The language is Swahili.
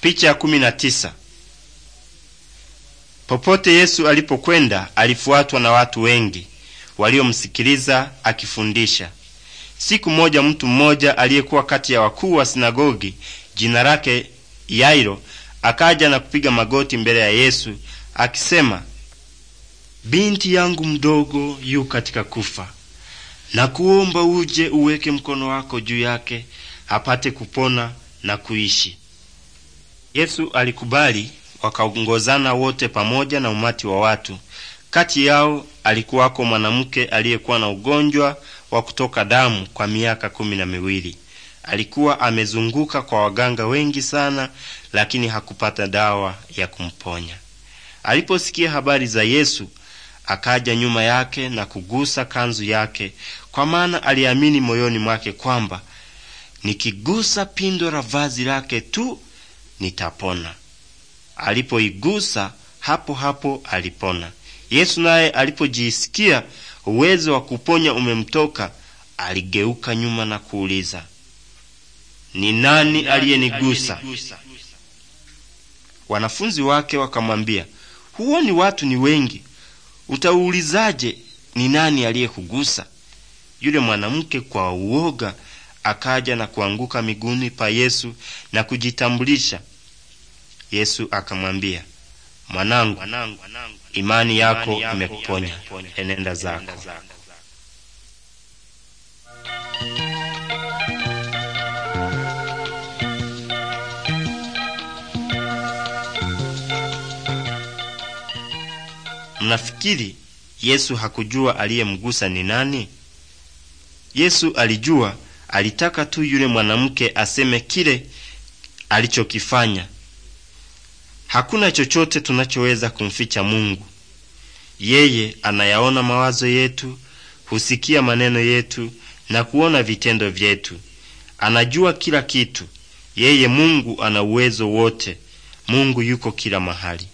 Picha ya kumi na tisa. Popote Yesu alipokwenda alifuatwa na watu wengi waliomsikiliza akifundisha. Siku moja mtu mmoja aliyekuwa kati ya wakuu wa sinagogi jina lake Yairo akaja na kupiga magoti mbele ya Yesu akisema, binti yangu mdogo yu katika kufa, na kuomba uje uweke mkono wako juu yake apate kupona na kuishi. Yesu alikubali, wakaongozana wote pamoja na umati wa watu. Kati yao alikuwako mwanamke aliyekuwa na ugonjwa wa kutoka damu kwa miaka kumi na miwili. Alikuwa amezunguka kwa waganga wengi sana, lakini hakupata dawa ya kumponya. Aliposikia habari za Yesu, akaja nyuma yake na kugusa kanzu yake, kwa maana aliamini moyoni mwake kwamba nikigusa pindo la vazi lake tu nitapona. Alipoigusa hapo hapo alipona. Yesu naye alipojisikia uwezo wa kuponya umemtoka, aligeuka nyuma na kuuliza, ni nani aliyenigusa? Wanafunzi wake wakamwambia, huoni watu ni wengi? Utaulizaje ni nani aliyekugusa? Yule mwanamke kwa uoga akaja na kuanguka miguuni pa Yesu na kujitambulisha Yesu akamwambia, mwanangu, imani yako imekuponya, enenda zako. Mnafikiri Yesu hakujua aliyemgusa ni nani? Yesu alijua, alitaka tu yule mwanamke aseme kile alichokifanya Hakuna chochote tunachoweza kumficha Mungu. Yeye anayaona mawazo yetu, husikia maneno yetu na kuona vitendo vyetu. Anajua kila kitu. Yeye Mungu ana uwezo wote. Mungu yuko kila mahali.